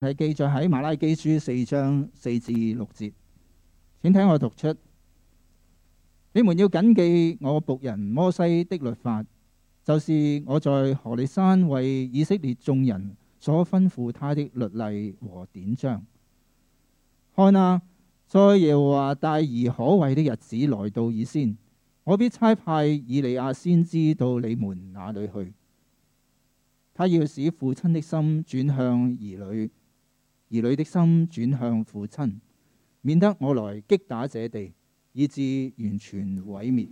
係記載喺馬拉基書四章四至六節，請聽我讀出：你們要謹記我僕人摩西的律法，就是我在荷里山為以色列眾人所吩咐他的律例和典章。看啊，在耶和華大而可畏的日子來到以先，我必差派以利亞先知到你們那裏去，他要使父親的心轉向兒女。兒女的心轉向父親，免得我來擊打這地，以致完全毀滅。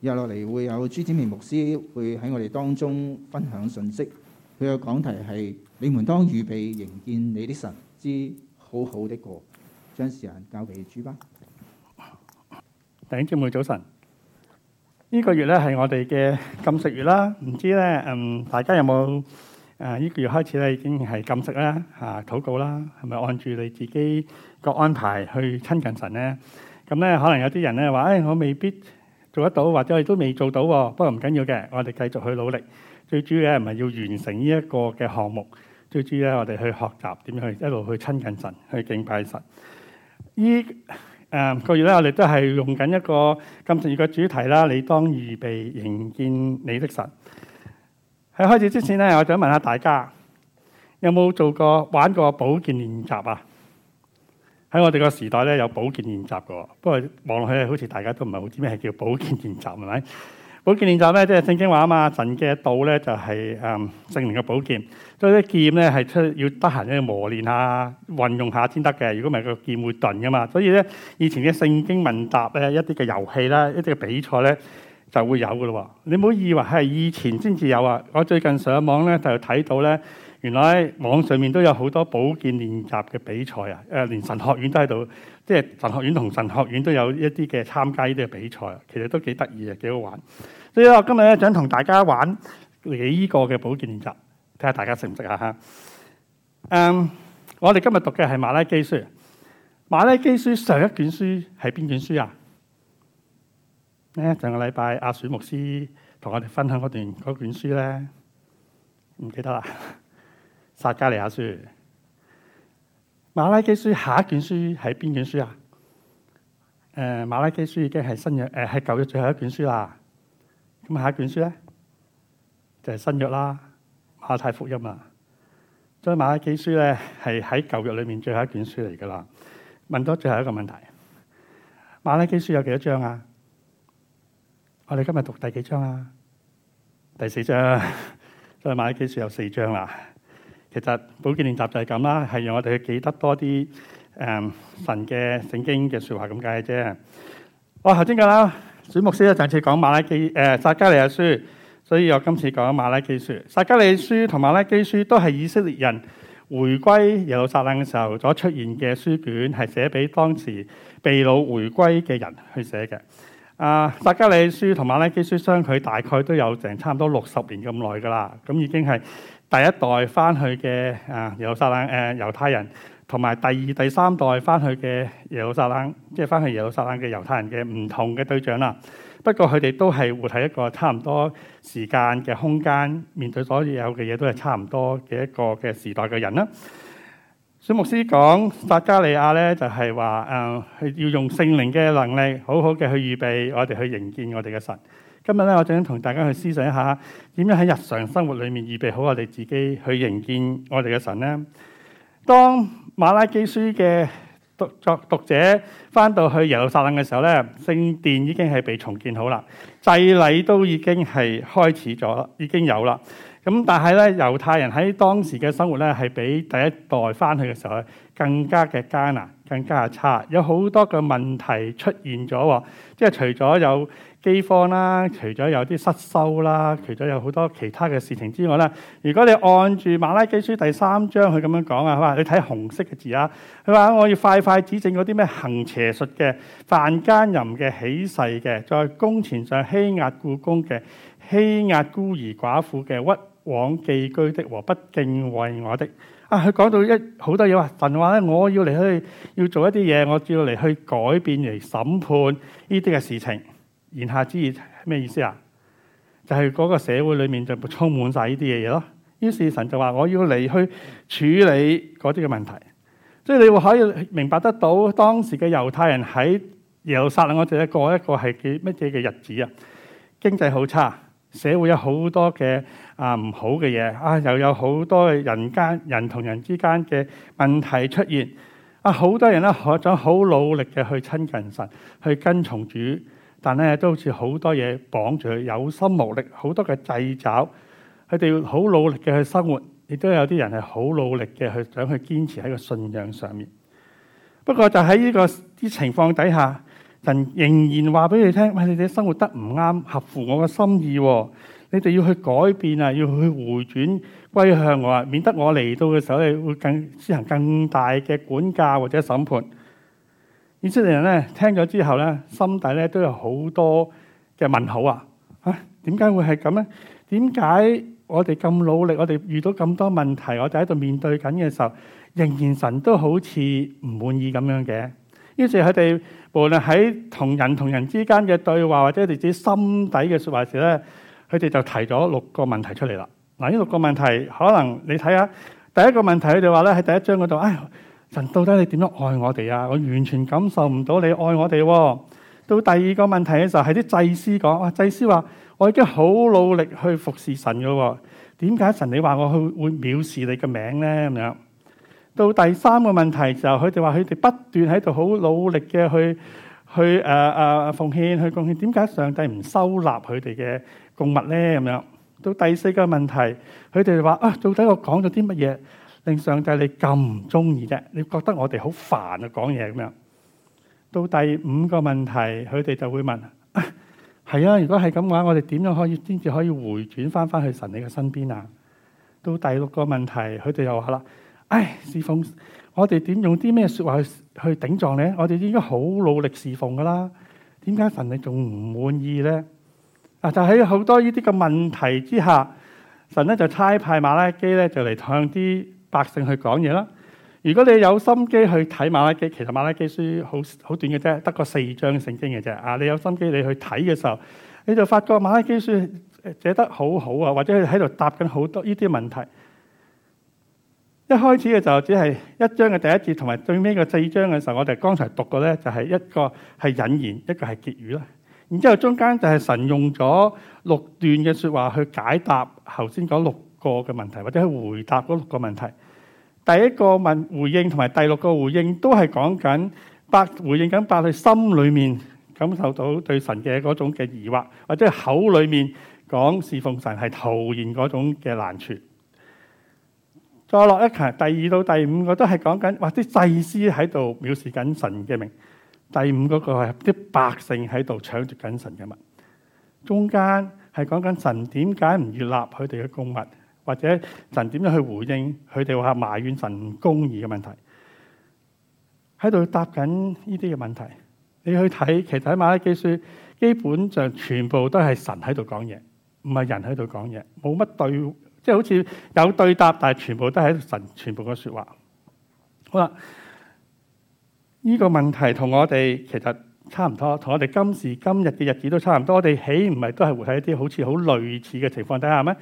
又落嚟會有朱子明牧師會喺我哋當中分享信息。佢嘅講題係：你們當預備迎見你的神之好好的過。將時間交俾朱巴。弟兄姊妹早晨，呢個月咧係我哋嘅禁食月啦。唔知咧，嗯，大家有冇？誒呢、啊這個月開始咧已經係禁食啦，嚇、啊、禱告啦，係咪按住你自己個安排去親近神咧？咁、嗯、咧可能有啲人咧話：誒、哎、我未必做得到，或者我都未做到，不過唔緊要嘅，我哋繼續去努力。最主要嘅唔係要完成呢一個嘅項目，最主要咧我哋去學習點樣去一路去親近神，去敬拜神。依、這、誒、個啊這個月咧，我哋都係用緊一個今次個主題啦。你當預備迎見你的神。喺開始之前咧，我想問下大家，有冇做過玩過寶劍練習啊？喺我哋個時代咧，有寶劍練習嘅。不過望落去，好似大家都唔係好知咩係叫寶劍練習，係咪？寶劍練習咧，即係聖經話啊嘛，神嘅道咧就係、是、誒、嗯、聖靈嘅寶劍。所以啲劍咧係出要得閒要磨練下、運用下先得嘅。如果唔係，個劍會斷噶嘛。所以咧，以前嘅聖經問答咧、一啲嘅遊戲啦、一啲嘅比賽咧，就會有噶咯，你唔好以為係以前先至有啊！我最近上網咧就睇到咧，原來網上面都有好多保健練習嘅比賽啊！誒，連神學院都喺度，即係神學院同神學院都有一啲嘅參加呢啲嘅比賽，其實都幾得意啊，幾好玩！所以我今日想同大家玩呢個嘅保健練習，睇下大家識唔識啊吓。嗯、um，我哋今日讀嘅係馬拉基書，馬拉基書上一卷書係邊卷書啊？咧上個禮拜，阿水牧師同我哋分享嗰段卷書咧，唔記得啦。撒加利亞書、馬拉基書下一卷書係邊卷書啊？誒、嗯，馬拉基書已經係新約誒，係、呃、舊約最後一卷書啦。咁下一卷書咧就係、是、新約啦，馬太福音啦。所以馬拉基書咧係喺舊約裡面最後一卷書嚟噶啦。問到最後一個問題：馬拉基書有幾多章啊？我哋今日讀第幾章啊？第四章。所以馬拉基書有四章啦、啊。其實《寶劍練習》就係咁啦，係讓我哋去記得多啲誒、嗯、神嘅聖經嘅說話咁解啫。我頭先講啦，主牧師啊，上次講馬拉基誒、呃、撒迦利亞書，所以我今次講馬拉基書、撒迦利書同馬拉基書都係以色列人回歸耶路撒冷嘅時候所出現嘅書卷，係寫俾當時被擄回歸嘅人去寫嘅。啊，撒迦利亞書同瑪拉基書相距大概都有成差唔多六十年咁耐噶啦，咁已經係第一代翻去嘅啊，耶路撒冷誒、呃、猶太人，同埋第二、第三代翻去嘅耶路撒冷，即係翻去耶路撒冷嘅猶太人嘅唔同嘅對象啦。不過佢哋都係活喺一個差唔多時間嘅空間，面對所有嘅嘢都係差唔多嘅一個嘅時代嘅人啦。小牧師講撒加利亞咧，就係話誒，要用聖靈嘅能力，好好嘅去預備我哋去迎見我哋嘅神。今日咧，我就想同大家去思想一下，點樣喺日常生活裏面預備好我哋自己去迎見我哋嘅神咧？當馬拉基書嘅讀作讀者翻到去耶路撒冷嘅時候咧，聖殿已經係被重建好啦，祭禮都已經係開始咗，已經有啦。咁但係咧，猶太人喺當時嘅生活咧，係比第一代翻去嘅時候咧更加嘅艱難，更加差，有好多嘅問題出現咗。即係除咗有饑荒啦，除咗有啲失收啦，除咗有好多其他嘅事情之外啦。如果你按住馬拉基書第三章佢咁樣講啊，係嘛？你睇紅色嘅字啊，佢話我要快快指正嗰啲咩行邪術嘅、犯奸淫嘅、起誓嘅、在工錢上欺壓僱工嘅、欺壓孤兒寡婦嘅屈往寄居的和不敬畏我的啊，佢講到一好多嘢話神話咧，我要嚟去要做一啲嘢，我要嚟去改變嚟審判呢啲嘅事情。言下之意咩意思啊？就係嗰個社會裏面就充滿晒呢啲嘢嘢咯。於是神就話我要嚟去處理嗰啲嘅問題，所以你會可以明白得到當時嘅猶太人喺耶路撒冷嗰度過一個係幾乜嘢嘅日子啊？經濟好差，社會有好多嘅。啊，唔好嘅嘢啊，又有好多人間人同人之間嘅問題出現。啊，好多人咧，學咗好努力嘅去親近神，去跟從主，但係都好似好多嘢綁住佢，有心無力，好多嘅掣肘。佢哋好努力嘅去生活，亦都有啲人係好努力嘅去想去堅持喺個信仰上面。不過，就喺呢個啲情況底下，人仍然話俾你聽：喂，你哋生活得唔啱，合乎我嘅心意，哦。你哋要去改變啊，要去回轉歸向我啊，免得我嚟到嘅時候，你會更施行更大嘅管教或者審判。以色列人咧聽咗之後咧，心底咧都有好多嘅問號啊！啊，點解會係咁咧？點解我哋咁努力，我哋遇到咁多問題，我哋喺度面對緊嘅時候，仍然神都好似唔滿意咁樣嘅？於是佢哋無論喺同人同人之間嘅對話，或者佢哋自己心底嘅説話時咧。佢哋就提咗六個問題出嚟啦。嗱，呢六個問題可能你睇下，第一個問題佢哋話咧，喺第一章嗰度，哎，神到底你點樣愛我哋啊？我完全感受唔到你愛我哋，啊。到第二個問題嘅時候，係啲祭司講，哇，祭司話我已經好努力去服侍神嘅，啊，點解神你話我去會藐視你嘅名咧咁樣？到第三個問題就佢哋話佢哋不斷喺度好努力嘅去去誒誒、呃呃、奉獻去貢獻，點解上帝唔收納佢哋嘅？共物咧咁樣，到第四個問題，佢哋就話啊：到底我講咗啲乜嘢令上帝你咁唔中意嘅？你覺得我哋好煩啊，講嘢咁樣。到第五個問題，佢哋就會問：係啊，啊，如果係咁嘅話，我哋點樣可以先至可以回轉翻翻去神你嘅身邊啊？到第六個問題，佢哋又話啦：唉、哎，侍奉我哋點用啲咩説話去去頂撞你？我哋應該好努力侍奉噶啦，點解神你仲唔滿意咧？就喺好多呢啲嘅問題之下，神咧就差派馬拉基咧，就嚟向啲百姓去講嘢啦。如果你有心機去睇馬拉基，其實馬拉基書好好短嘅啫，得個四章聖經嘅啫。啊，你有心機你去睇嘅時候，你就發覺馬拉基書寫得好好啊，或者佢喺度答緊好多呢啲問題。一開始嘅就只係一章嘅第一節同埋最尾嘅四章嘅時候，我哋剛才讀過咧就係一個係引言，一個係結語啦。然之後，中間就係神用咗六段嘅説話去解答頭先講六個嘅問題，或者去回答嗰六個問題。第一個問回應同埋第六個回應都係講緊白，回應緊白喺心裏面感受到對神嘅嗰種嘅疑惑，或者口裏面講侍奉神係徒然嗰種嘅難處。再落一層，第二到第五個都係講緊或者祭司喺度藐視緊神嘅名。第五嗰個係啲百姓喺度搶住緊神嘅物，中間係講緊神點解唔悅納佢哋嘅供物，或者神點樣去回應佢哋話埋怨神公義嘅問題，喺度答緊呢啲嘅問題。你去睇，其實喺瑪拉基書基本上全部都係神喺度講嘢，唔係人喺度講嘢，冇乜對，即係好似有對答，但係全部都係神全部嘅説話。好啦。呢個問題同我哋其實差唔多，同我哋今時今日嘅日子都差唔多。我哋起唔係都係活喺一啲好似好類似嘅情況底下咩？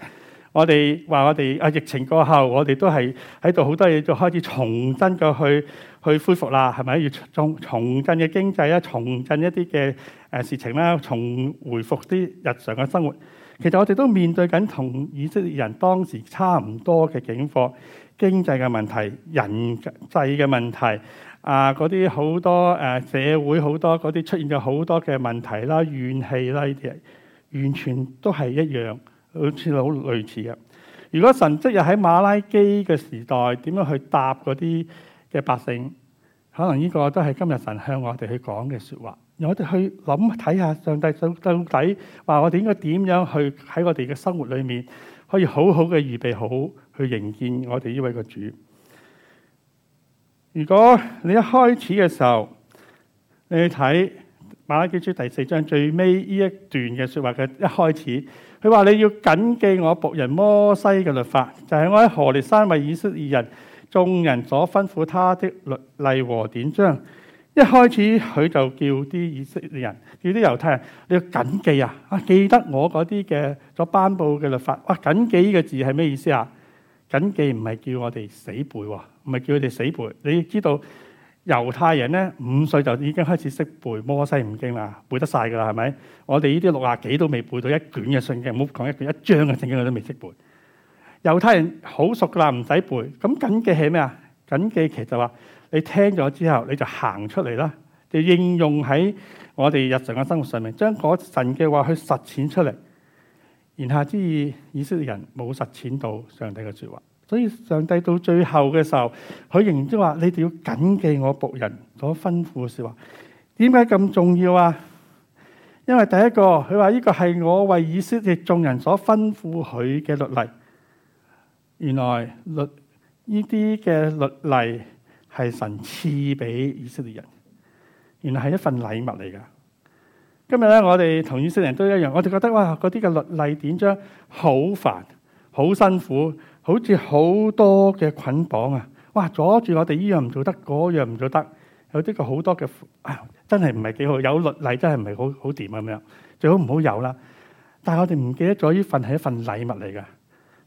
我哋話我哋啊，疫情過後，我哋都係喺度好多嘢，就開始重新嘅去去恢復啦。係咪要重重振嘅經濟啊？重振一啲嘅誒事情啦，重回復啲日常嘅生活。其實我哋都面對緊同以色列人當時差唔多嘅境況、經濟嘅問題、人際嘅問題。啊！嗰啲好多誒、啊、社會好多嗰啲出現咗好多嘅問題啦、怨氣啦呢啲，完全都係一樣，好似好類似嘅。如果神即係喺馬拉基嘅時代點樣去答嗰啲嘅百姓，可能呢個都係今日神向我哋去講嘅説話，我哋去諗睇下上帝到底話我哋應該點樣去喺我哋嘅生活裡面，可以好好嘅預備好去迎見我哋呢位個主。如果你一開始嘅時候，你去睇馬拉基書第四章最尾呢一段嘅説話嘅一開始，佢話你要謹記我僕人摩西嘅律法，就係、是、我喺何烈山為以色列人眾人所吩咐他的律例和典章。一開始佢就叫啲以色列人，叫啲猶太人，你要謹記啊，啊記得我嗰啲嘅所頒布嘅律法。哇、啊，謹記呢個字係咩意思啊？謹記唔係叫我哋死背喎。啊唔係叫佢哋死背，你知道猶太人咧，五歲就已經開始識背摩西五經啦，背得晒噶啦，係咪？我哋呢啲六廿幾都未背到一卷嘅聖經，唔好講一卷一章嘅聖經，我都未識背。猶太人好熟噶啦，唔使背。咁謹記係咩啊？謹記其實話、就是、你聽咗之後，你就行出嚟啦，就應用喺我哋日常嘅生活上面，將嗰神嘅話去實踐出嚟。言下之意，以色列人冇實踐到上帝嘅說話。所以上帝到最後嘅時候，佢仍然都話：你哋要謹記我僕人所吩咐嘅說話。點解咁重要啊？因為第一個，佢話呢個係我為以色列眾人所吩咐佢嘅律例。原來律呢啲嘅律例係神賜俾以色列人，原來係一份禮物嚟噶。今日咧，我哋同以色列人都一樣，我哋覺得哇，嗰啲嘅律例點講好煩，好辛苦。好似好多嘅捆綁啊！哇，阻住我哋呢樣唔做得，嗰樣唔做得。有啲個好多嘅，真係唔係幾好，有律例真係唔係好好掂啊咁樣。最好唔好有啦。但係我哋唔記得咗呢份係一份禮物嚟㗎，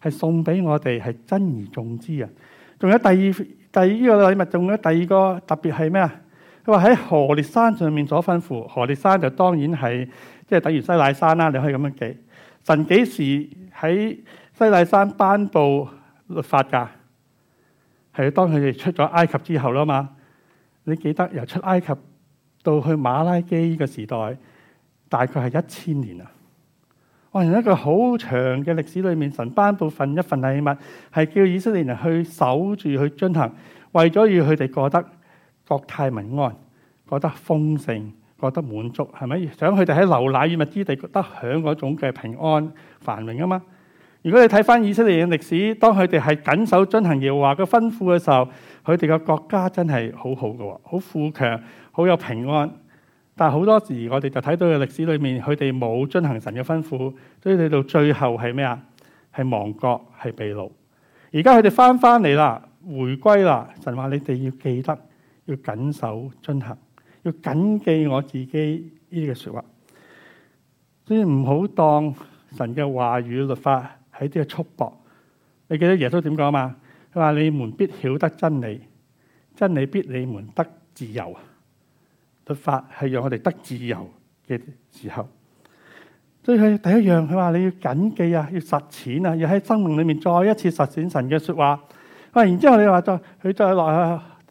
係送俾我哋係珍而重之啊！仲有第二第二呢個禮物，仲有第二個特別係咩啊？佢話喺何烈山上面所吩咐，何烈山就當然係即係等於西奈山啦。你可以咁樣記。神幾時喺西奈山頒布律法噶，係當佢哋出咗埃及之後啦嘛。你記得由出埃及到去馬拉基呢個時代，大概係一千年啊。哇、哦！一個好長嘅歷史裏面，神頒布份一份禮物，係叫以色列人去守住去進行，為咗要佢哋過得國泰民安，過得豐盛，過得滿足，係咪？想佢哋喺流奶與蜜之地得享嗰種嘅平安繁榮啊嘛。如果你睇翻以色列嘅歷史，當佢哋係謹守遵行耶和華嘅吩咐嘅時候，佢哋嘅國家真係好好嘅，好富強，好有平安。但係好多時，我哋就睇到嘅歷史裏面，佢哋冇遵行神嘅吩咐，所以你到最後係咩啊？係亡國，係被擄。而家佢哋翻翻嚟啦，回歸啦。神話你哋要記得，要謹守遵行，要謹記我自己呢個說話，所以唔好當神嘅話語、律法。喺啲嘅束縛，你記得耶穌點講嘛？佢話你們必曉得真理，真理必你們得自由。律法係讓我哋得自由嘅時候，所以佢第一樣。佢話你要謹記啊，要實踐啊，要喺生命裏面再一次實踐神嘅說話。喂，然之後你話再佢再落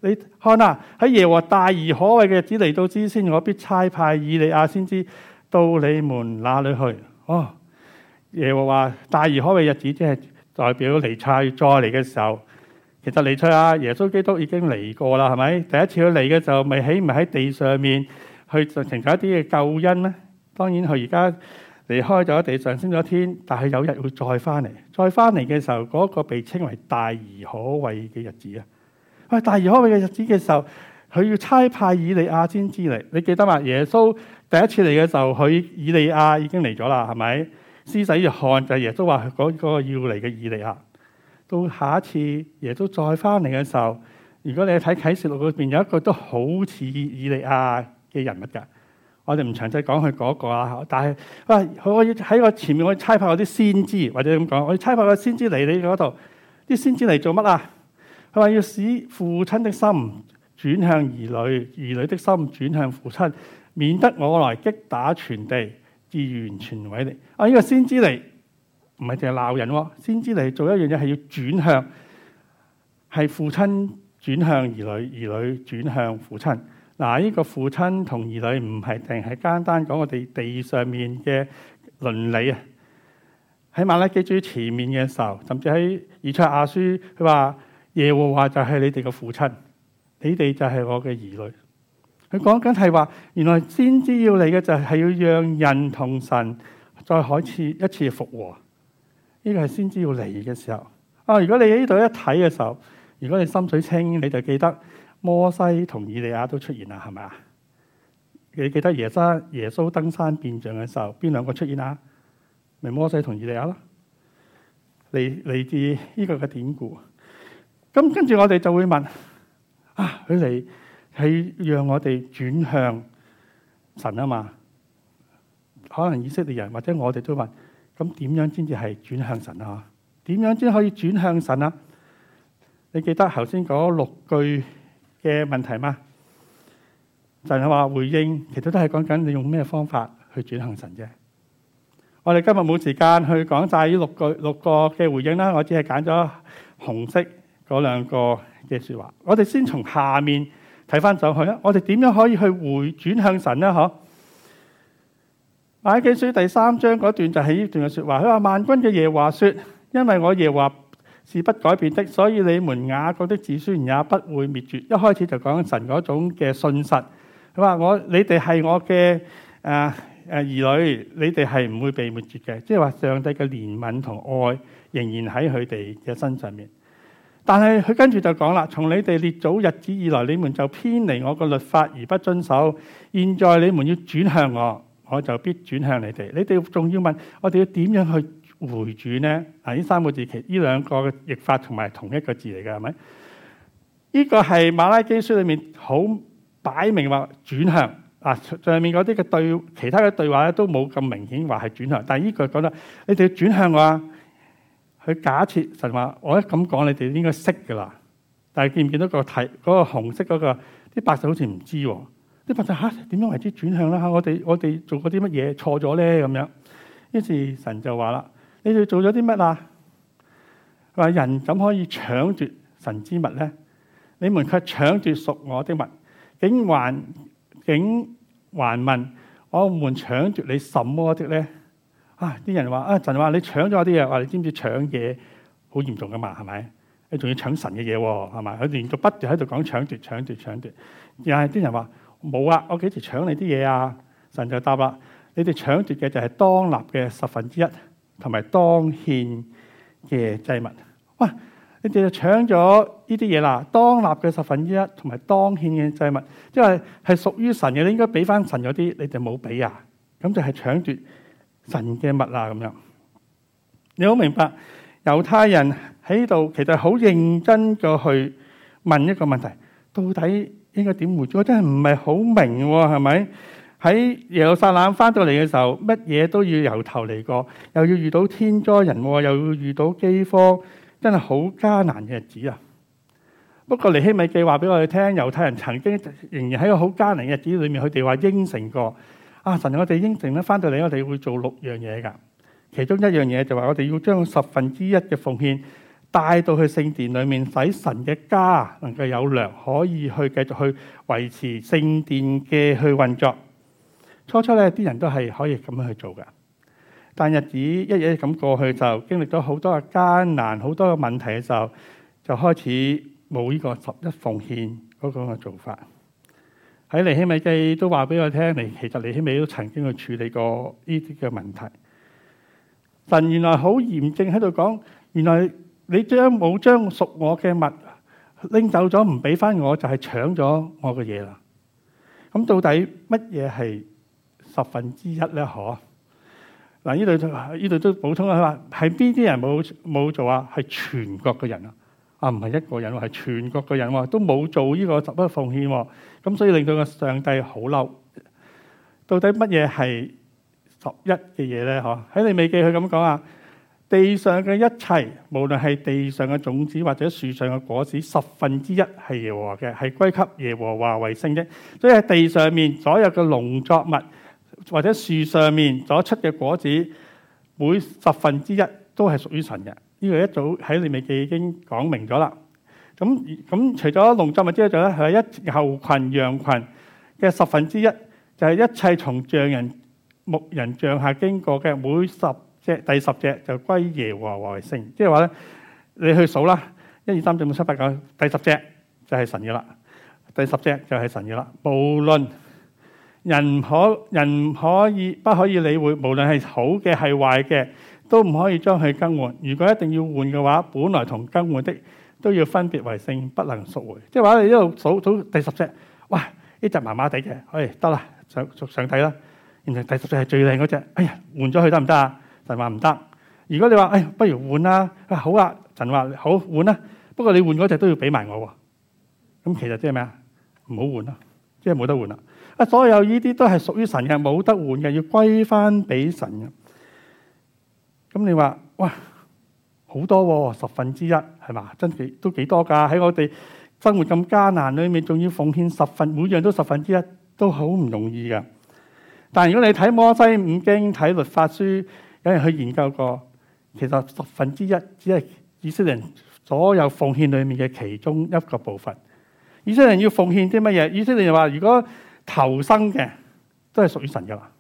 去，你看啊，喺耶和大而可畏嘅日子嚟到之先，我必差派以利亞先知到你們那裏去哦。亦會話大而可畏日子，即係代表彌賽再嚟嘅時候。其實彌賽亞，耶穌基督已經嚟過啦，係咪？第一次佢嚟嘅時候咪起唔喺地上面去尋求一啲嘅救恩咧？當然佢而家離開咗地上，升咗天，但係有日會再翻嚟，再翻嚟嘅時候嗰個被稱爲大而可畏嘅日子啊。喂，大而可畏嘅日子嘅時候，佢要差派以利亞先至嚟。你記得嘛？耶穌第一次嚟嘅時候，佢以利亞已經嚟咗啦，係咪？施洗約翰，就係、是、耶穌話嗰嗰個要嚟嘅以利亞，到下一次耶穌再翻嚟嘅時候，如果你睇啟示錄嗰邊有一個都好似以利亞嘅人物噶，我哋唔詳細講佢嗰個啊，但係佢我要喺我前面我差派我啲先知或者咁講，我差派個先知嚟你嗰度，啲先知嚟做乜啊？佢話要使父親的心轉向兒女，兒女的心轉向父親，免得我來擊打全地。完全位力。啊！呢、這個先知嚟，唔係淨係鬧人，先知嚟做一樣嘢係要轉向，係父親轉向兒女，兒女轉向父親。嗱、啊，呢、這個父親同兒女唔係淨係簡單講我哋地，地上面嘅倫理啊。喺馬拉基書前面嘅時候，甚至喺以卓亞書，佢話耶和華就係你哋嘅父親，你哋就係我嘅兒女。佢講緊係話，原來先知要嚟嘅就係要讓人同神再海次一次復和。呢個係先知要嚟嘅時候啊！如果你喺呢度一睇嘅時候，如果你心水清，你就記得摩西同以利亞都出現啦，係咪啊？你記得耶山耶穌登山變像嘅時候，邊兩個出現啊？咪、就是、摩西同以利亞咯？嚟嚟自呢個嘅典故。咁跟住我哋就會問啊，佢嚟？係讓我哋轉向神啊！嘛，可能以色列人或者我哋都話咁點樣先至係轉向神啊？點樣先可以轉向神啊？你記得頭先嗰六句嘅問題嗎？就係話，回應，其實都係講緊你用咩方法去轉向神啫。我哋今日冇時間去講晒呢六句六個嘅回應啦。我只係揀咗紅色嗰兩個嘅說話。我哋先從下面。睇翻上去啦！我哋點樣可以去回轉向神呢？嗬、啊？瑪拉基書第三章嗰段就係呢段嘅説話。佢話萬軍嘅耶和華説，因為我耶和華是不改變的，所以你們雅各的子孫也不會滅絕。一開始就講神嗰種嘅信實。佢話我你哋係我嘅誒誒兒女，你哋係唔會被滅絕嘅。即係話上帝嘅憐憫同愛仍然喺佢哋嘅身上面。但係佢跟住就講啦，從你哋列祖日子以來，你們就偏離我個律法而不遵守。現在你們要轉向我，我就必轉向你哋。你哋仲要問我哋要點樣去回轉呢？啊！呢三個字，其呢兩個嘅譯法同埋同一個字嚟嘅，係咪？呢、這個係馬拉基書裏面好擺明話轉向啊！上面嗰啲嘅對其他嘅對話咧，都冇咁明顯話係轉向，但係呢個講得，你哋要轉向我啊！佢假設神話，我一咁講，你哋應該識噶啦。但係見唔見到個睇嗰個紅色嗰個？啲百姓好似唔知喎。啲百姓嚇點樣為之轉向啦？嚇我哋我哋做過啲乜嘢錯咗咧？咁樣於是神就話啦：你哋做咗啲乜啊？話人怎可以搶奪神之物咧？你們卻搶奪屬我的物，竟還竟還問：我們搶奪你什麼的咧？啊！啲人話啊，神話你搶咗啲嘢，話你知唔知搶嘢好嚴重㗎嘛？係咪？你仲要搶神嘅嘢喎？係咪？佢連續不斷喺度講搶奪、搶奪、搶奪。又係啲人話冇啊！我幾時搶你啲嘢啊？神就答啦：你哋搶奪嘅就係當立嘅十分之一，同埋當獻嘅祭物。喂、啊，你哋就搶咗呢啲嘢啦，當立嘅十分之一，同埋當獻嘅祭物，因為係屬於神嘅，你應該俾翻神嗰啲，你哋冇俾啊，咁就係搶奪。神嘅物啊，咁樣你好明白？猶太人喺度其實好認真嘅去問一個問題，到底應該點活？我真係唔係好明喎，係咪？喺耶路撒冷翻到嚟嘅時候，乜嘢都要由頭嚟過，又要遇到天災人禍，又要遇到饑荒，真係好艱難嘅日子啊！不過尼希米記話俾我哋聽，猶太人曾經仍然喺個好艱難嘅日子裏面，佢哋話應承過。啊！神，我哋應承咧，翻到嚟我哋會做六樣嘢噶。其中一樣嘢就話，我哋要將十分之一嘅奉獻帶到去聖殿裏面，使神嘅家能夠有糧，可以去繼續去維持聖殿嘅去運作。初初咧，啲人都係可以咁樣去做噶。但日子一日咁過去，就經歷咗好多嘅艱難，好多嘅問題嘅時候，就開始冇呢個十一奉獻嗰個嘅做法。喺尼希米記都話俾我聽，你其實尼希米都曾經去處理過呢啲嘅問題。但原來好嚴正喺度講，原來你將冇將屬我嘅物拎走咗，唔俾翻我就係搶咗我嘅嘢啦。咁到底乜嘢係十分之一咧？可嗱呢度呢度都補充啊，話係邊啲人冇冇做啊？係全國嘅人啊，啊唔係一個人，係全國嘅人話都冇做呢個十分奉獻。咁所以令到個上帝好嬲，到底乜嘢係十一嘅嘢咧？嗬喺《利未記》佢咁講啊，地上嘅一切，無論係地上嘅種子或者樹上嘅果子，十分之一係耶和華嘅，係歸給耶和華為聖的。所以喺地上面所有嘅農作物或者樹上面所出嘅果子，每十分之一都係屬於神嘅。呢個一早喺《利未記》已經講明咗啦。咁咁除咗農作物之外，仲有一牛羣、羊羣嘅十分之一，就係一切從象人、牧人杖下經過嘅每十隻、第十隻就歸耶和華為聖。即係話咧，你去數啦，一二三、四、五、六、七、八、九、第十隻就係神嘅啦。第十隻就係神嘅啦。無論人可人可以不可以理會，無論係好嘅係壞嘅，都唔可以將佢更換。如果一定要換嘅話，本來同更換的。都要分別為聖，不能贖回。即係話，你一路數數第十隻，哇！呢隻麻麻地嘅，哎，得啦，上上睇啦。然後第十隻係最靚嗰隻，哎呀，換咗佢得唔得啊？神話唔得。如果你話，哎，不如換啦，啊好啊，神話好換啦。不過你換嗰隻都要俾埋我喎。咁其實即係咩啊？唔好換啦，即係冇得換啦。啊，所有呢啲都係屬於神嘅，冇得換嘅，要歸翻俾神嘅。咁你話，哇！好多喎、啊，十分之一係嘛？真幾都幾多㗎？喺我哋生活咁艱難裏面，仲要奉獻十分，每樣都十分之一，都好唔容易噶。但如果你睇摩西五經，睇律法書，有人去研究過，其實十分之一只係以色列人所有奉獻裏面嘅其中一個部分。以色列人要奉獻啲乜嘢？以色列人話：如果投生嘅都係屬於神嘅啦。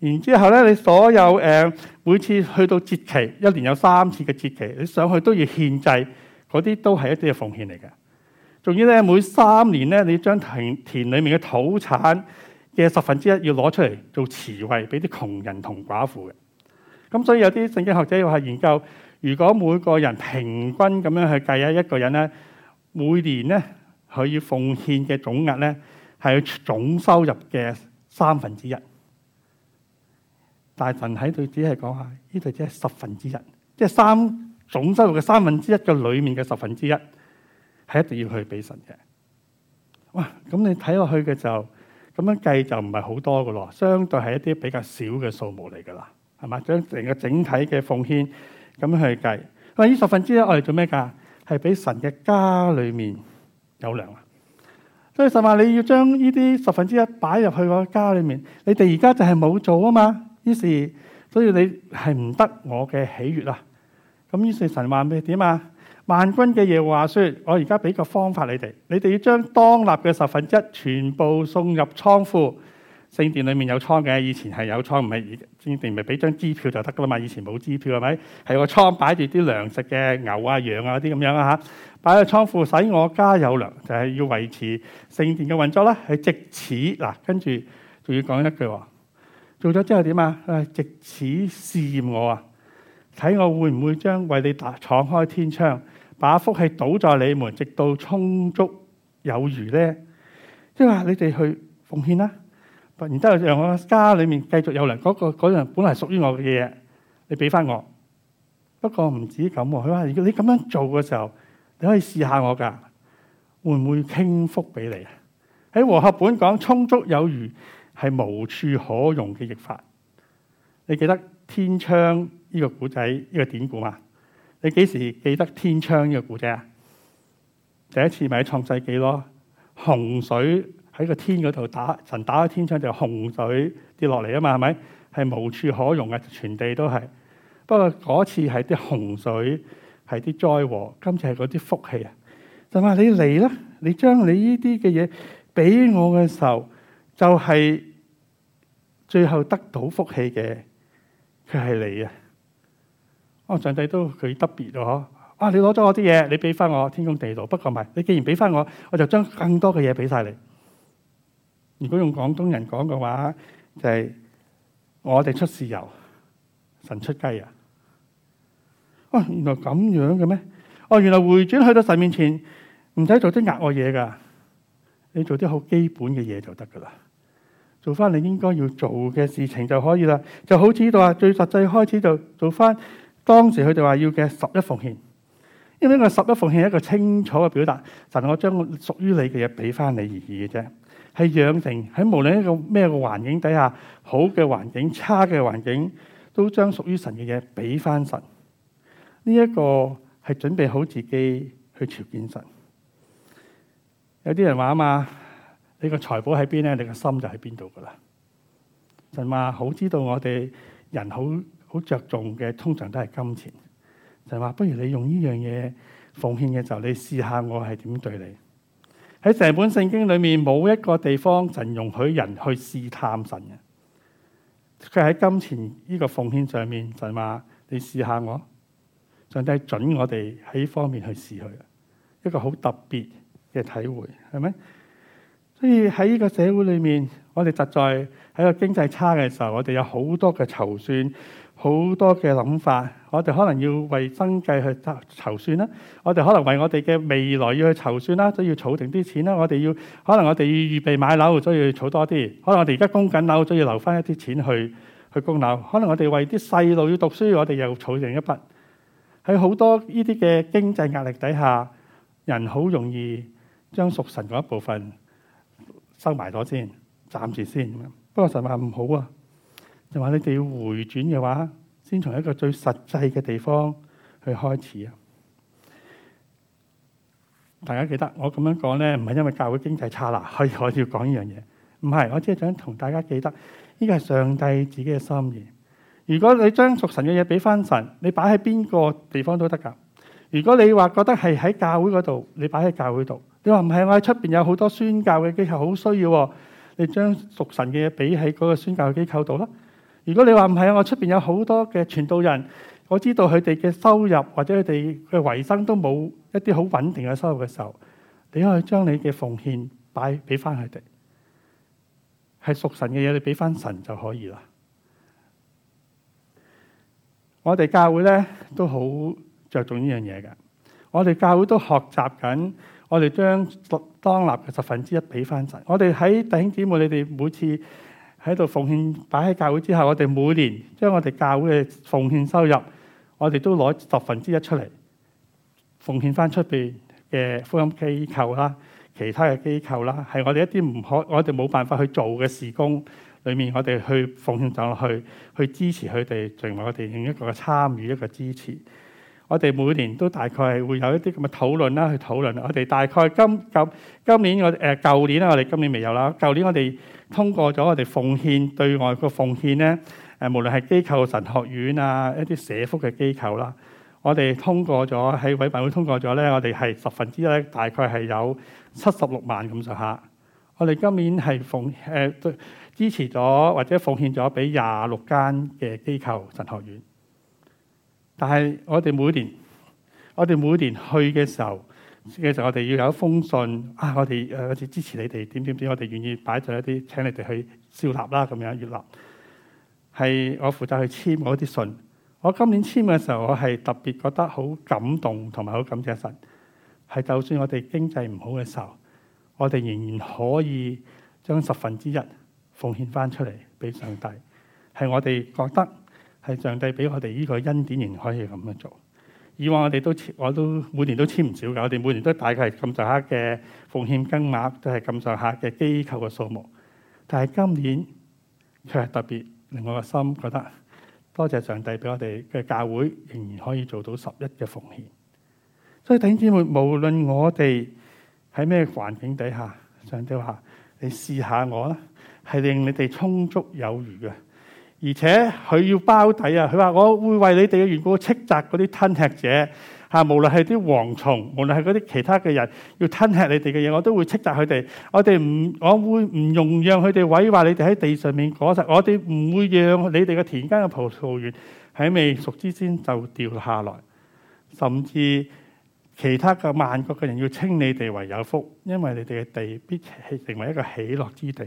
然之後咧，你所有誒、呃、每次去到節期，一年有三次嘅節期，你上去都要獻祭，嗰啲都係一啲嘅奉獻嚟嘅。仲要咧，每三年咧，你將田田裏面嘅土產嘅十分之一要攞出嚟做慈惠，俾啲窮人同寡婦嘅。咁所以有啲聖經學者又係研究，如果每個人平均咁樣去計咧，一個人咧每年咧，佢要奉獻嘅總額咧係總收入嘅三分之一。大份喺度，只係講下呢度只係十分之一，即係三總收入嘅三分之一嘅裏面嘅十分之一係一定要去俾神嘅。哇！咁你睇落去嘅時候就咁樣計就唔係好多噶咯，相對係一啲比較少嘅數目嚟噶啦，係嘛？將成個整體嘅奉獻咁樣去計。咁呢十分之一我哋做咩噶？係俾神嘅家裏面有糧啊！所以神話，你要將呢啲十分之一擺入去個家裏面，你哋而家就係冇做啊嘛。於是，所以你係唔得我嘅喜悅啦。咁於是神話咩點啊？萬軍嘅耶和華話說：我而家俾個方法你哋，你哋要將當納嘅十分之一全部送入倉庫。聖殿裡面有倉嘅，以前係有倉，唔係聖殿唔係俾張支票就得噶啦嘛。以前冇支票係咪？係個倉擺住啲糧食嘅牛啊、羊啊嗰啲咁樣啊嚇，擺喺個倉庫使我家有糧，就係要維持聖殿嘅運作啦。係即此嗱，跟住仲要講一句話。做咗之後點啊？唉，借此試驗我啊，睇我會唔會將為你打敞開天窗，把福氣倒在你們，直到充足有餘咧。即係話你哋去奉獻啦，然之後讓我家裏面繼續有嚟嗰，那個嗰樣，那個，本來屬於我嘅嘢，你俾翻我。不過唔止咁，佢話如果你咁樣做嘅時候，你可以試下我噶，會唔會傾福俾你啊？喺和合本講充足有餘。係無處可容嘅譯法。你記得天窗呢個古仔呢個典故嗎？你幾時記得天窗呢個古仔啊？第一次咪喺創世紀咯。洪水喺個天嗰度打，神打開天窗就洪水跌落嚟啊嘛，係咪？係無處可容啊，全地都係。不過嗰次係啲洪水，係啲災禍。今次係嗰啲福氣啊。就話你嚟啦，你將你呢啲嘅嘢俾我嘅時候，就係、是。最後得到福氣嘅，佢係你啊！哦，上帝都好特別哦，哇！你攞咗我啲嘢，你俾翻我天公地道。不過唔係，你既然俾翻我，我就將更多嘅嘢俾晒你。如果用廣東人講嘅話，就係我哋出豉油，神出雞啊！哇，原來咁樣嘅咩？哦，原來回轉去到神面前，唔使做啲額外嘢噶，你做啲好基本嘅嘢就得噶啦。做翻你應該要做嘅事情就可以啦，就好似呢度話最實際開始就做翻當時佢哋話要嘅十一奉獻，因為呢個十一奉獻係一個清楚嘅表達，神我將屬於你嘅嘢俾翻你而已嘅啫，係養成喺無論一個咩嘅環境底下，好嘅環境、差嘅環境，都將屬於神嘅嘢俾翻神。呢一個係準備好自己去朝見神。有啲人話啊嘛。你個財寶喺邊咧？你個心就喺邊度㗎喇。神話好知道我哋人好好着重嘅，通常都係金錢。神話不如你用呢樣嘢奉獻嘅時候，你試下我係點對你。喺成本聖經裏面冇一個地方就容許人去試探神嘅。佢喺金錢呢個奉獻上面，就神話你試下我。上帝准我哋喺呢方面去試佢，一個好特別嘅體會，係咪？所以喺呢個社會裏面，我哋實在喺個經濟差嘅時候，我哋有好多嘅籌算，好多嘅諗法。我哋可能要為生計去籌算啦。我哋可能為我哋嘅未來要去籌算啦，都要儲定啲錢啦。我哋要可能我哋要預備買樓，所以要儲多啲。可能我哋而家供緊樓，所以要留翻一啲錢去去供樓。可能我哋為啲細路要讀書，我哋又儲定一筆。喺好多呢啲嘅經濟壓力底下，人好容易將屬神嗰一部分收埋咗先，暫時先。不過神話唔好啊，就話你哋要回轉嘅話，先從一個最實際嘅地方去開始啊！大家記得，我咁樣講咧，唔係因為教會經濟差啦，所以我要講呢樣嘢。唔係，我只係想同大家記得，呢個係上帝自己嘅心意。如果你將屬神嘅嘢俾翻神，你擺喺邊個地方都得噶。如果你話覺得係喺教會嗰度，你擺喺教會度。你話唔係，我喺出邊有好多宣教嘅機構，好需要你將屬神嘅嘢俾喺嗰個宣教機構度啦。如果你話唔係啊，我出邊有好多嘅傳道人，我知道佢哋嘅收入或者佢哋嘅維生都冇一啲好穩定嘅收入嘅時候，你可以將你嘅奉獻擺俾翻佢哋，係屬神嘅嘢，你俾翻神就可以啦。我哋教會咧都好着重呢樣嘢嘅，我哋教會都學習緊。我哋將當立嘅十分之一俾翻曬。我哋喺弟兄姊妹，你哋每次喺度奉獻擺喺教會之後，我哋每年將我哋教會嘅奉獻收入，我哋都攞十分之一出嚟奉獻翻出面嘅福音機構啦、其他嘅機構啦，係我哋一啲唔可，我哋冇辦法去做嘅事工裏面，我哋去奉獻走落去，去支持佢哋，成為我哋另一個嘅參與一個支持。我哋每年都大概係會有一啲咁嘅討論啦，去討論。我哋大概今今年我誒舊年啦，我哋今年未有啦。舊年我哋通過咗我哋奉獻，對外嘅奉獻咧，誒、呃、無論係機構神學院啊，一啲社福嘅機構啦，我哋通過咗，喺委辦會通過咗咧，我哋係十分之一，大概係有七十六萬咁上下。我哋今年係奉誒、呃、支持咗或者奉獻咗俾廿六間嘅機構神學院。但係我哋每年，我哋每年去嘅時候，嘅時候我哋要有一封信啊，我哋誒、呃、支持你哋點點點，我哋願意擺咗一啲請你哋去笑納啦咁樣，月納係我負責去簽嗰啲信。我今年簽嘅時候，我係特別覺得好感動同埋好感謝神，係就算我哋經濟唔好嘅時候，我哋仍然可以將十分之一奉獻翻出嚟俾上帝，係我哋覺得。係上帝俾我哋呢個恩典，仍然可以咁樣做以，以往我哋都我都每年都簽唔少㗎，我哋每年都大概係咁上下嘅奉獻金額，都係咁上下嘅機構嘅數目。但係今年佢係特別，令我個心覺得多謝上帝俾我哋嘅教會仍然可以做到十一嘅奉獻。所以弟兄姊妹，無論我哋喺咩環境底下，上帝話：你試下我啦，係令你哋充足有餘嘅。而且佢要包底啊！佢話我會為你哋嘅緣故斥責嗰啲吞吃者，吓、啊，無論係啲蝗蟲，無論係嗰啲其他嘅人要吞吃你哋嘅嘢，我都會斥責佢哋。我哋唔，我會唔容讓佢哋毀壞你哋喺地上面果實，我哋唔會讓你哋嘅田間嘅葡萄園喺未熟之先就掉下來，甚至其他嘅萬國嘅人要稱你哋為有福，因為你哋嘅地必係成為一個喜樂之地。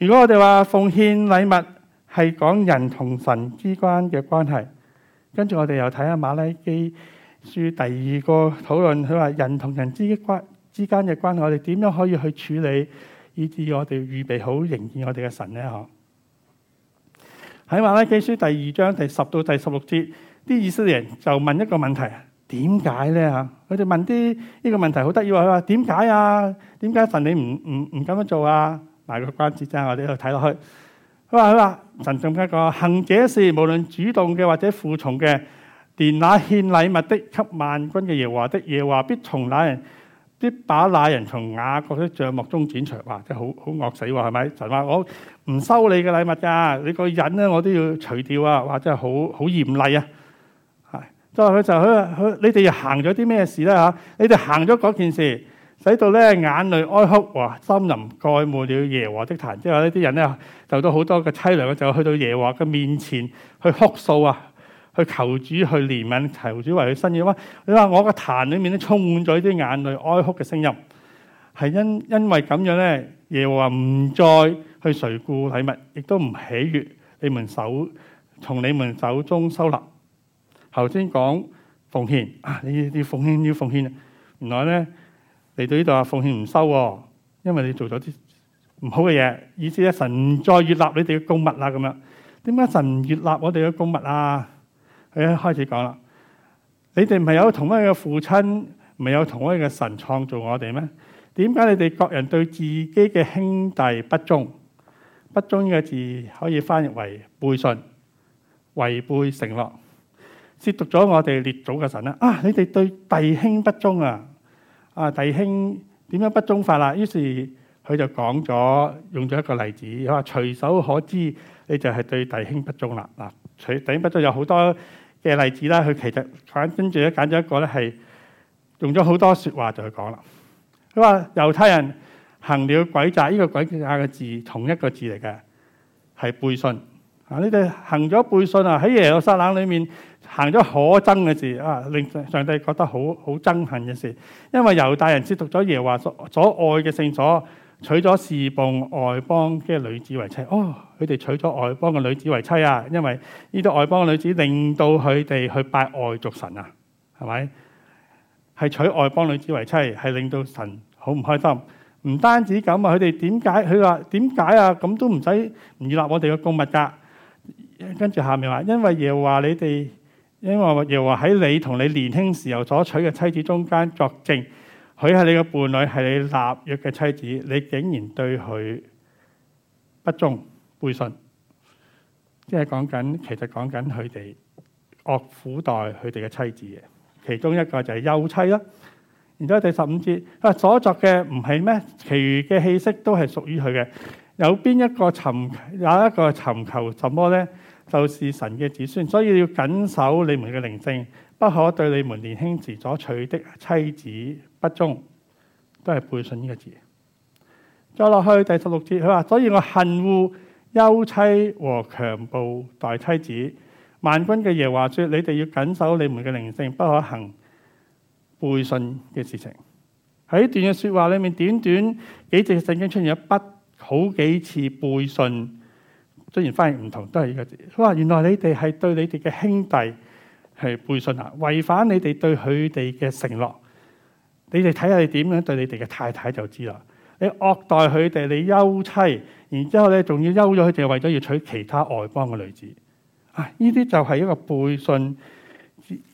如果我哋話奉獻禮物係講人同神之間嘅關係，跟住我哋又睇下馬拉基書第二個討論，佢話人同人之間之間嘅關係，我哋點樣可以去處理，以至我哋預備好迎見我哋嘅神咧？嗬，喺馬拉基書第二章第十到第十六節，啲以色列人就問一個問題：點解咧？吓佢哋問啲呢個問題好得意。佢話點解啊？點解神你唔唔唔咁樣做啊？大嘅關節真係我哋都睇落去。佢話：佢話神仲加講行者事，無論主動嘅或者附從嘅，連那獻禮物的、給萬軍嘅耶華的耶華，必從那人必把那人從雅各的帳幕中剪除。哇！即係好好惡死喎，係咪？就話我唔收你嘅禮物㗎，你個人咧我都要除掉啊！哇！真係好好嚴厲啊！係。再佢就佢佢你哋行咗啲咩事咧嚇？你哋行咗嗰件事。使到咧，眼淚哀哭，哇！森林蓋滿了耶和的壇，之後呢啲人咧受到好多嘅淒涼嘅時候，去到耶和嘅面前去哭訴啊，去求主去憐憫，求主為佢伸冤。你話我嘅壇裏面咧，充滿咗啲眼淚哀哭嘅聲音，係因因為咁樣咧，耶和唔再去垂顧禮物，亦都唔喜悅你們手從你們手中收納。頭先講奉獻啊，你要奉獻，要奉獻，原來咧。嚟到呢度啊，奉獻唔收喎、哦，因為你做咗啲唔好嘅嘢，以至咧神唔再悦納你哋嘅供物啦咁樣。點解神唔悦納我哋嘅供物啊？佢開始講啦，你哋唔係有同一嘅父親，唔係有同一嘅神創造我哋咩？點解你哋各人對自己嘅兄弟不忠？不忠呢個字可以翻譯為背信、違背承諾，褻瀆咗我哋列祖嘅神啦。啊，你哋對弟兄不忠啊！啊，弟兄點樣不忠法啦？於是佢就講咗，用咗一個例子，佢話隨手可知你就係對弟兄不忠啦。嗱，隨弟兄不忠有好多嘅例子啦。佢其實跟住咧揀咗一個咧係用咗好多説話就去講啦。佢話猶太人行了鬼詐，呢個鬼詐嘅字同一個字嚟嘅，係背信。啊，你哋行咗背信啊，喺耶路撒冷裏面。行咗可憎嘅事啊，令上帝覺得好好憎恨嘅事，因為猶大人褻瀆咗耶和華所所愛嘅聖所，娶咗侍奉外邦嘅女子為妻。哦，佢哋娶咗外邦嘅女子為妻啊，因為呢啲外邦嘅女子令到佢哋去拜外族神啊，係咪？係娶外邦女子為妻係令到神好唔開心。唔單止咁啊，佢哋點解？佢話點解啊？咁都唔使唔要納我哋嘅供物㗎。跟住下面話，因為耶和華你哋。因為又話喺你同你年輕時候所娶嘅妻子中間作證，佢係你嘅伴侶，係你立約嘅妻子，你竟然對佢不忠背信，即係講緊，其實講緊佢哋惡苦待佢哋嘅妻子嘅。其中一個就係幼妻啦。然之後第十五節，佢所作嘅唔係咩，其餘嘅氣息都係屬於佢嘅。有邊一個尋有一個尋求什麼咧？就是神嘅子孫，所以要謹守你們嘅靈性，不可對你們年輕時所娶的妻子不忠，都係背信呢個字。再落去第十六節，佢話：所以我恨惡休妻和強暴待妻子。萬軍嘅耶和華說：你哋要謹守你們嘅靈性，不可行背信嘅事情。喺段嘅說話裏面，短短幾節聖經出現一筆好幾次背信。雖然翻譯唔同，都係呢個字。佢話：原來你哋係對你哋嘅兄弟係背信啊，違反你哋對佢哋嘅承諾。你哋睇下你點樣對你哋嘅太太就知啦。你惡待佢哋，你休妻，然之後咧仲要休咗佢哋，為咗要娶其他外邦嘅女子。啊，呢啲就係一個背信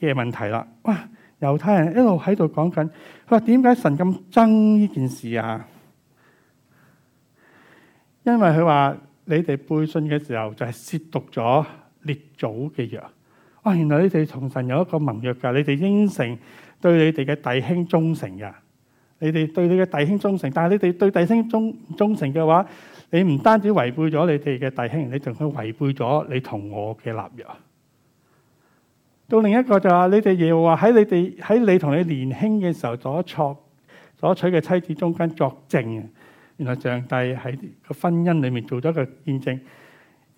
嘅問題啦。哇！猶太人一路喺度講緊，佢話點解神咁憎呢件事啊？因為佢話。你哋背信嘅時候就係褻瀆咗列祖嘅約哇，原來你哋同神有一個盟約噶，你哋應承對你哋嘅弟兄忠誠噶，你哋對你嘅弟兄忠誠，但係你哋對弟兄忠忠誠嘅話，你唔單止違背咗你哋嘅弟兄，你仲去違背咗你同我嘅立約。到另一個就話，是，你哋要話喺你哋喺你同你年輕嘅時候所錯所娶嘅妻子中間作證。原來上帝喺個婚姻裏面做咗個見證。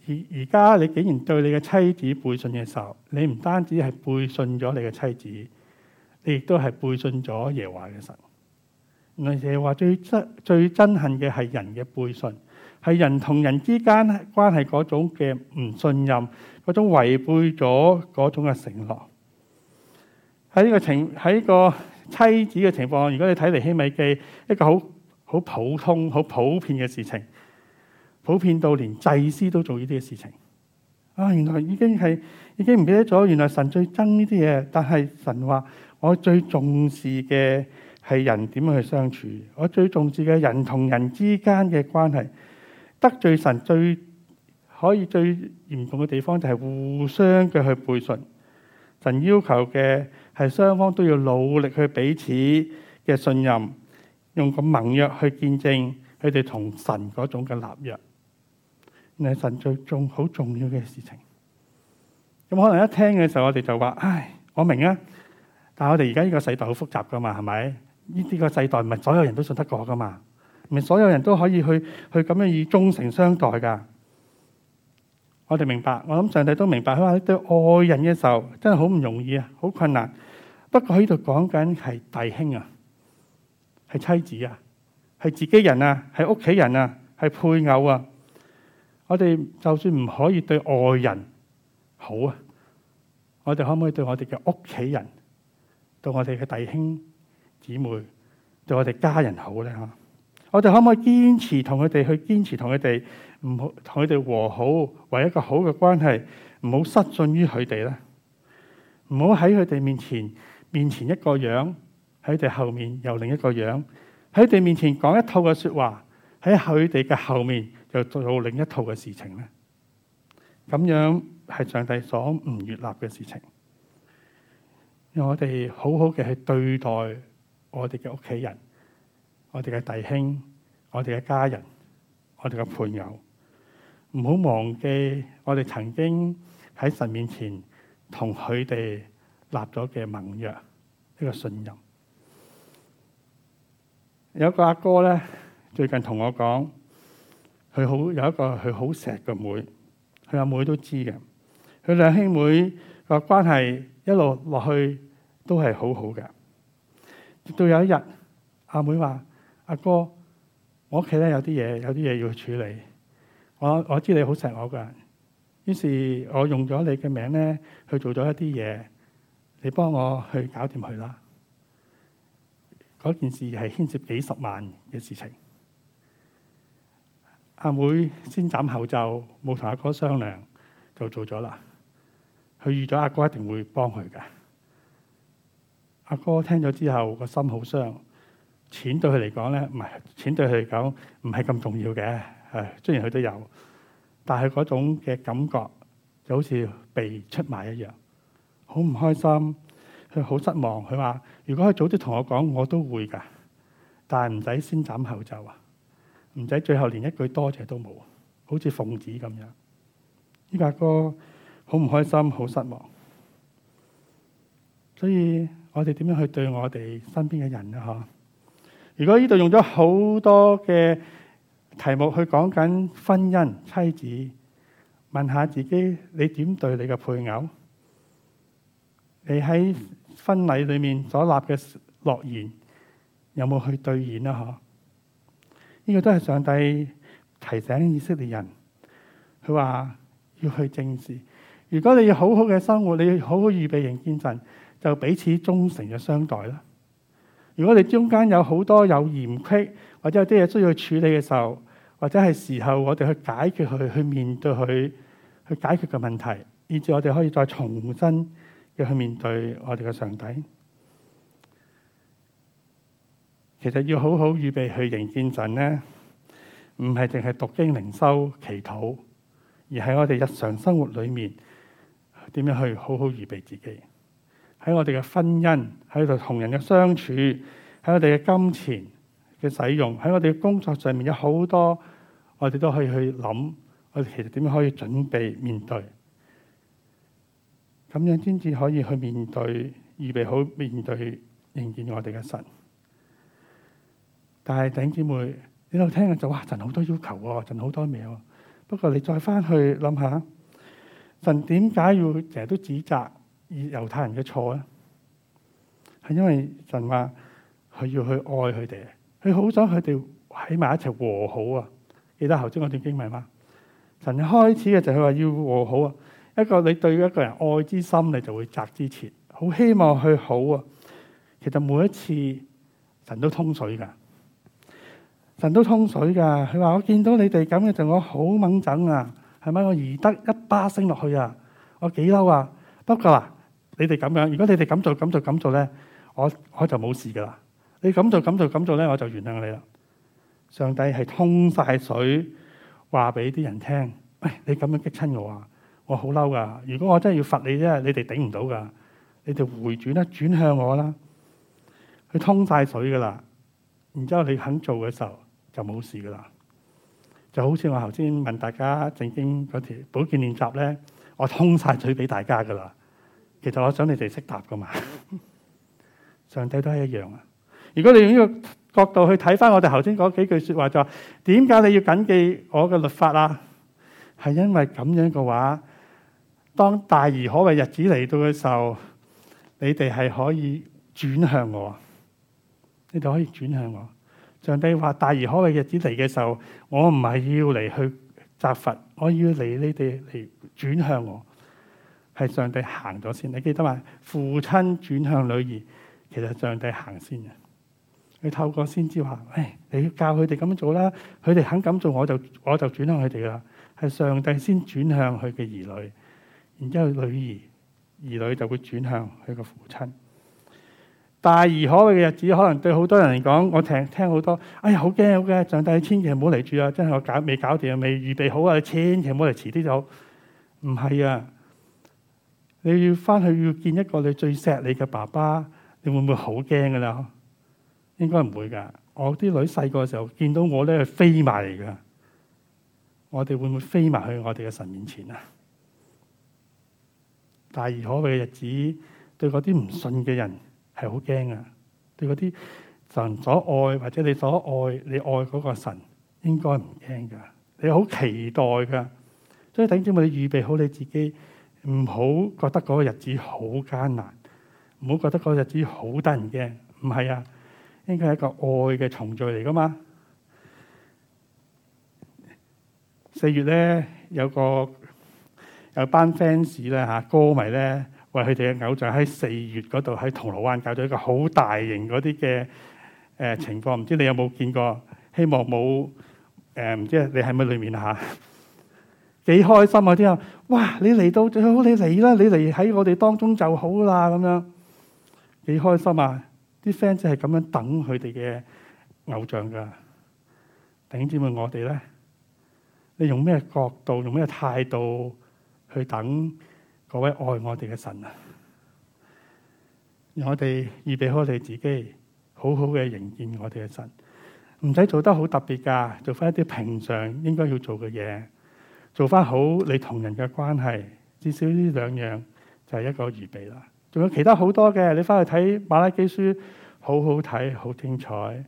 而而家你竟然對你嘅妻子背信嘅時候，你唔單止係背信咗你嘅妻子，你亦都係背信咗耶華嘅神。原來耶華最憎最憎恨嘅係人嘅背信，係人同人之間關係嗰種嘅唔信任，嗰種違背咗嗰種嘅承諾。喺呢個情喺呢個妻子嘅情況，如果你睇嚟希米記一個好，好普通、好普遍嘅事情，普遍到連祭司都做呢啲嘅事情。啊，原來已經係已經唔記得咗，原來神最憎呢啲嘢，但係神話我最重視嘅係人點樣去相處，我最重視嘅人同人之間嘅關係。得罪神最可以最嚴重嘅地方就係互相嘅去背信。神要求嘅係雙方都要努力去彼此嘅信任。用個盟約去見證佢哋同神嗰種嘅立約，係神最重好重要嘅事情。咁可能一聽嘅時候，我哋就話：唉，我明啊！但係我哋而家呢個世代好複雜噶嘛，係咪？呢啲個世代唔係所有人都信得過噶嘛，唔係所有人都可以去去咁樣以忠誠相待噶。我哋明白，我諗上帝都明白，佢話對愛人嘅時候真係好唔容易啊，好困難。不過喺度講緊係弟兄啊。係妻子啊，係自己人啊，係屋企人啊，係配偶啊。我哋就算唔可以對外人好啊，我哋可唔可以對我哋嘅屋企人、對我哋嘅弟兄姊妹、對我哋家人好咧？我哋可唔可以堅持同佢哋去堅持同佢哋唔好同佢哋和好，為一個好嘅關係，唔好失信於佢哋咧？唔好喺佢哋面前面前一個樣。喺哋後面又另一個樣，喺佢面前講一套嘅說話，喺佢哋嘅後面又做另一套嘅事情咧。咁樣係上帝所唔悅納嘅事情。讓我哋好好嘅去對待我哋嘅屋企人、我哋嘅弟兄、我哋嘅家人、我哋嘅配偶。唔好忘記我哋曾經喺神面前同佢哋立咗嘅盟約，呢、這個信任。有一個阿哥咧，最近同我講，佢好有一個佢好錫嘅妹，佢阿妹，妹都知嘅。佢兩兄妹個關係一路落去都係好好嘅。直到有一日，阿妹話：阿哥，我屋企咧有啲嘢，有啲嘢要去處理。我我知你好錫我㗎，於是，我用咗你嘅名咧去做咗一啲嘢，你幫我去搞掂佢啦。嗰件事係牽涉幾十萬嘅事情。阿妹先斬後奏，冇同阿哥商量就做咗啦。佢預咗阿哥一定會幫佢嘅。阿哥聽咗之後，個心好傷。錢對佢嚟講咧，唔係錢對佢嚟講唔係咁重要嘅。誒，雖然佢都有，但係嗰種嘅感覺就好似被出賣一樣，好唔開心。佢好失望，佢話。如果佢早啲同我講，我都會噶，但係唔使先斬後奏啊，唔使最後連一句多謝都冇，好似奉旨咁樣。呢個阿哥好唔開心，好失望。所以我哋點樣去對我哋身邊嘅人啊？嗬？如果呢度用咗好多嘅題目去講緊婚姻、妻子，問下自己你點對你嘅配偶？你喺婚禮裏面所立嘅諾言有冇去兌現啦？嗬？呢個都係上帝提醒以色列人，佢話要去正視。如果你要好好嘅生活，你要好好預備迎見，認真就彼此忠誠嘅相待啦。如果你中間有好多有嫌隙，或者有啲嘢需要處理嘅時候，或者係時候我哋去解決佢，去面對佢，去解決嘅問題，以至我哋可以再重新。要去面對我哋嘅上帝，其實要好好預備去迎見神咧，唔係淨係讀經、靈修、祈禱，而係我哋日常生活裏面，點樣去好好預備自己？喺我哋嘅婚姻，喺度同人嘅相處，喺我哋嘅金錢嘅使用，喺我哋嘅工作上面，有好多我哋都可以去諗，我哋其實點樣可以準備面對。咁樣先至可以去面對，預備好面對迎見我哋嘅神。但係頂姊妹，你度聽嘅就哇，神好多要求喎，神好多嘢喎。不過你再翻去諗下，神點解要成日都指責猶太人嘅錯咧？係因為神話佢要去愛佢哋，佢好想佢哋喺埋一齊和好啊！記得頭先嗰段經文嘛？神開始嘅就係話要和好啊。一個你對一個人愛之深，你就會責之切，好希望佢好啊。其實每一次神都通水噶，神都通水噶。佢話我見到你哋咁嘅，就我好掹憎啊，係咪？我宜得一巴聲落去啊，我幾嬲啊。不過啊，你哋咁樣，如果你哋咁做、咁做、咁做咧，我我就冇事噶啦。你咁做、咁做、咁做咧，我就原諒你啦。上帝係通晒水，話俾啲人聽，喂，哎，你咁樣激親我啊！我好嬲噶！如果我真係要罰你啫，你哋頂唔到噶，你哋回轉啦，轉向我啦，佢通晒水噶啦，然之後你肯做嘅時候就冇事噶啦。就好似我頭先問大家正經嗰條保健練習咧，我通晒水俾大家噶啦。其實我想你哋識答噶嘛， 上帝都係一樣啊！如果你用呢個角度去睇翻我哋頭先嗰幾句說話，就話點解你要緊記我嘅律法啊？係因為咁樣嘅話。當大而可畏日子嚟到嘅時候，你哋係可以轉向我。你哋可以轉向我。上帝話大而可畏日子嚟嘅時候，我唔係要嚟去責罰，我要嚟你哋嚟轉向我。係上帝行咗先，你記得嘛？父親轉向女兒，其實上帝行先嘅。你透過先知話：誒、哎，你教佢哋咁樣做啦，佢哋肯咁做，我就我就轉向佢哋啦。係上帝先轉向佢嘅兒女。然之後，女兒、兒女就會轉向佢個父親。大而可畏嘅日子，可能對好多人嚟講，我聽聽好多，哎呀，好驚，好驚！長大你千祈唔好嚟住啊！真係我搞未搞掂，未預備好啊！你千祈唔好嚟，遲啲就好。唔係啊，你要翻去要見一個你最錫你嘅爸爸，你會唔會好驚噶啦？應該唔會噶。我啲女細個嘅時候見到我咧，係飛埋嚟噶。我哋會唔會飛埋去我哋嘅神面前啊？大而可畏嘅日子，對嗰啲唔信嘅人係好驚啊！對嗰啲神所愛或者你所愛你愛嗰個神，應該唔驚噶。你好期待噶，所以等於我哋預備好你自己，唔好覺得嗰個日子好艱難，唔好覺得嗰個日子好得人驚。唔係啊，應該係一個愛嘅重聚嚟噶嘛。四月咧有個。有班 fans 咧，吓歌迷咧，為佢哋嘅偶像喺四月嗰度喺銅鑼灣搞咗一個好大型嗰啲嘅誒情況，唔知你有冇見過？希望冇誒唔知你喺唔喺裏面吓，幾開心啊！之後，哇！你嚟到最好，你嚟啦，你嚟喺我哋當中就好啦，咁樣幾開心啊！啲 fans 係咁樣等佢哋嘅偶像噶。頂住我哋咧，你用咩角度，用咩態度？去等各位愛我哋嘅神啊！我哋預備好哋自己，好好嘅迎見我哋嘅神。唔使做得好特別噶，做翻一啲平常應該要做嘅嘢，做翻好你同人嘅關係，至少呢兩樣就係一個預備啦。仲有其他好多嘅，你翻去睇馬拉基書，好好睇，好精彩，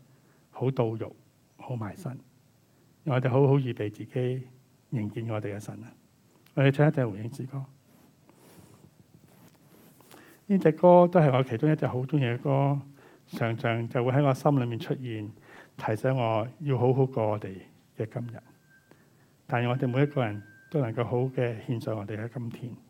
好到肉，好埋身。我哋好好預備自己，迎見我哋嘅神啊！我哋唱一隻回應之歌，呢隻歌都係我其中一隻好鍾意嘅歌，常常就會喺我心裏面出現，提醒我要好好過我哋嘅今日，但係我哋每一個人都能夠好好嘅，獻上我哋嘅今天。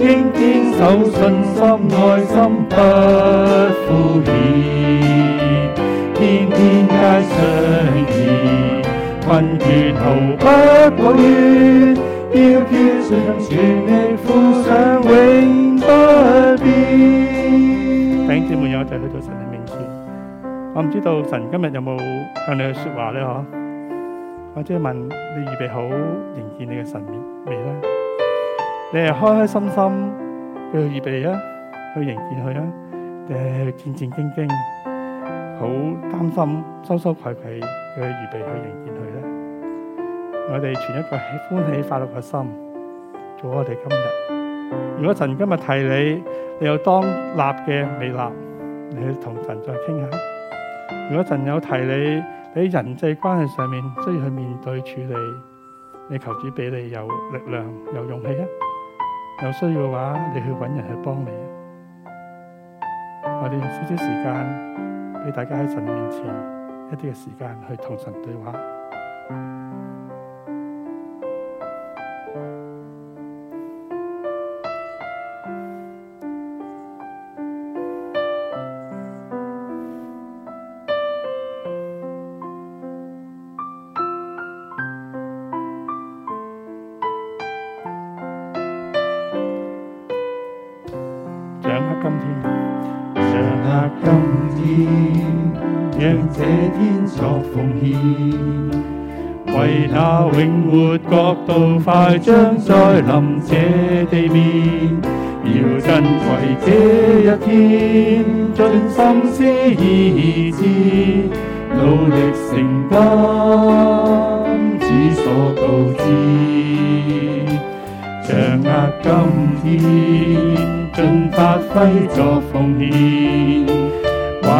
天天守信心愛心不敷衍，天天皆相見，困倦頭不抱怨，腰酸腿酸全為富上永不變。弟兄姊妹有就去到神嘅面前，我唔知道神今日有冇向你去說話呢？嗬，我即係問你預備好迎見你嘅神面未咧？你係開開心心去預備啊，去迎見佢啊，定係戰戰兢兢、好擔心、收收愧愧，去預備去迎見佢咧？我哋存一個歡喜快樂嘅心，做我哋今日。如果神今日提你，你有當立嘅未立，你去同神再傾下。如果神有提你，你喺人際關係上面需要去面對處理，你求主俾你有力量、有勇氣啊！有需要嘅話，你去揾人去幫你。我哋用少少時間，俾大家喺神面前一啲嘅時間，去同神對話。為那永活角度快將再臨這地面，要真為這一天，盡心思意志，努力承擔，只所求知，掌握今天，盡發揮作奉獻。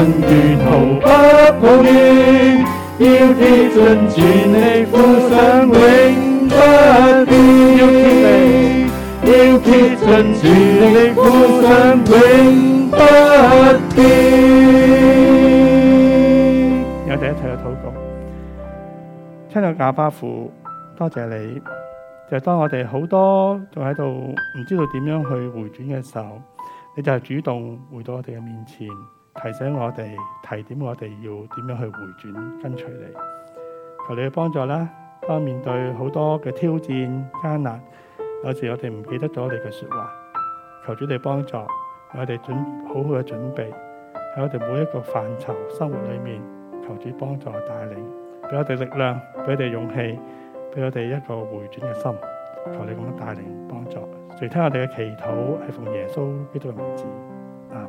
願毫不抱怨，要竭盡全力，呼上永不變；要竭盡全力的富上永不變。有我哋一齊去禱告，親到亞巴父，多謝你。就當我哋好多仲喺度唔知道點樣去回轉嘅時候，你就係主動回到我哋嘅面前。提醒我哋，提點我哋要點樣去回轉跟隨你，求你嘅幫助啦！當面對好多嘅挑戰艱難，有時我哋唔記得咗你嘅說話，求主你幫助我哋準好好嘅準備，喺我哋每一個範疇生活裏面，求主幫助帶領，俾我哋力量，俾我哋勇氣，俾我哋一個回轉嘅心，求你咁樣帶領幫助。隨聽我哋嘅祈禱係奉耶穌基督嘅名字，阿